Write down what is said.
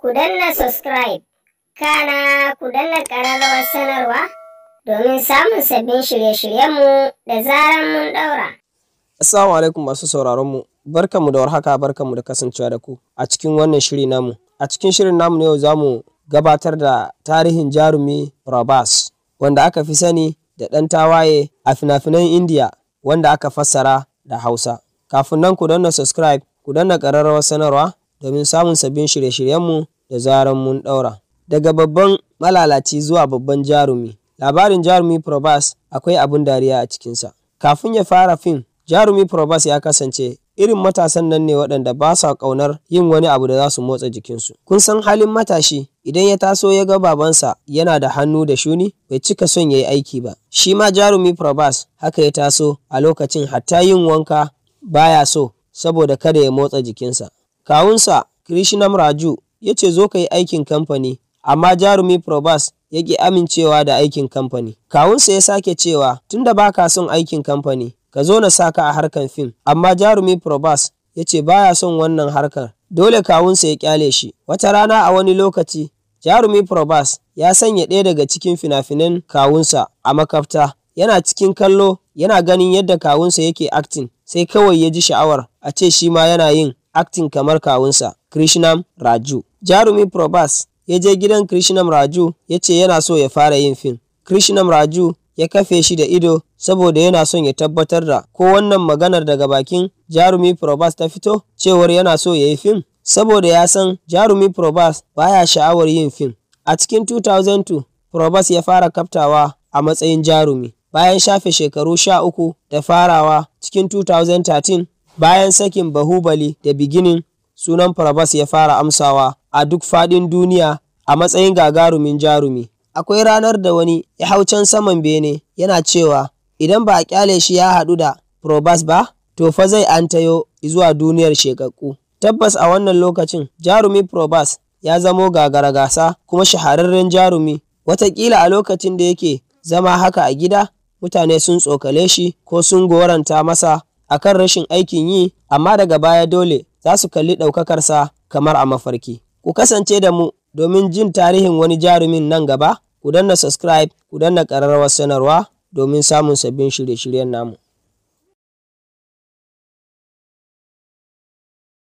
ku danna subscribe kana ku danna ƙararrawar sanarwa domin samun sabbin shirye-shiryenmu da zarar mun ɗaura. Assalamu alaikum masu sauraronmu, barkanmu da warhaka barkanmu da kasancewa da ku a cikin wannan shiri namu. A cikin shirin namu ne yau za mu gabatar da tarihin jarumi Rabas wanda aka fi sani da ɗan tawaye a fina-finan Indiya wanda aka fassara da Hausa. Kafin nan ku danna subscribe, ku danna ƙararrawar sanarwa domin samun sabbin shirye-shiryenmu da zarar mun ɗaura. Daga babban malalaci zuwa babban jarumi, labarin Jarumi Probas akwai abin dariya a cikinsa. Kafin ya fara fim, Jarumi Probas ya kasance irin matasan nan ne waɗanda ba sa ƙaunar yin wani abu da za su motsa jikinsu. Kun san halin matashi idan ya taso ya ga babansa yana da hannu da shuni bai cika son ya yi aiki ba. Shi ma jarumi Probas haka ya taso a lokacin hatta yin wanka baya so saboda kada ya motsa jikinsa. Kawunsa, Krishnam Raju, ya ce zo ka yi aikin kamfani, amma Jarumi Probas ya ƙi amincewa da aikin kamfani. Kawunsa ya sake cewa tun da ba ka son aikin kamfani, ka zo na sa ka a harkar fim, amma Jarumi Probas ya ce ba ya son wannan harkar. Dole kawunsa ya ƙyale shi. Wata rana a wani lokaci, Jarumi Probas ya sanya ɗaya daga cikin fina-finan kawunsa a makafta. Yana cikin kallo, yana ganin yadda kawunsa yake acting, sai kawai ya ji sha'awar a ce shi ma yana yin acting kamar kawunsa Krishnam Raju. Jarumi Probas ya je gidan Krishnam Raju ya ce yana so ya fara yin fim. Krishnam Raju ya kafe shi da ido saboda yana son ya tabbatar da ko wannan maganar daga bakin Jarumi Probas ta fito cewar yana so ya yi fim saboda ya san Jarumi Probas ya sha'awar yin fim. A cikin 2002 Probas ya fara kaftawa a matsayin jarumi bayan shafe shekaru sha uku da farawa cikin 2013 Bayan sakin Bahubali da biginin, sunan farabas ya fara amsawa a duk faɗin duniya a matsayin gagarumin jarumi. Akwai ranar da wani ya hau can saman bene yana cewa idan ba a kyale shi ya haɗu da Probas ba, to fa zai an tayo zuwa duniyar shekakku. Tabbas a wannan lokacin jarumi Probas ya zamo gagara gasa kuma shahararren jarumi. watakila a lokacin da yake zama haka a gida, mutane sun tsokale shi ko sun goranta masa a kan rashin aikin yi amma daga baya dole za su kalli ɗaukakarsa kamar a mafarki. Ku kasance da mu domin jin tarihin wani jarumin nan gaba, ku danna subscribe, ku danna ƙararrawar sanarwa domin samun sabbin shirye-shiryen namu.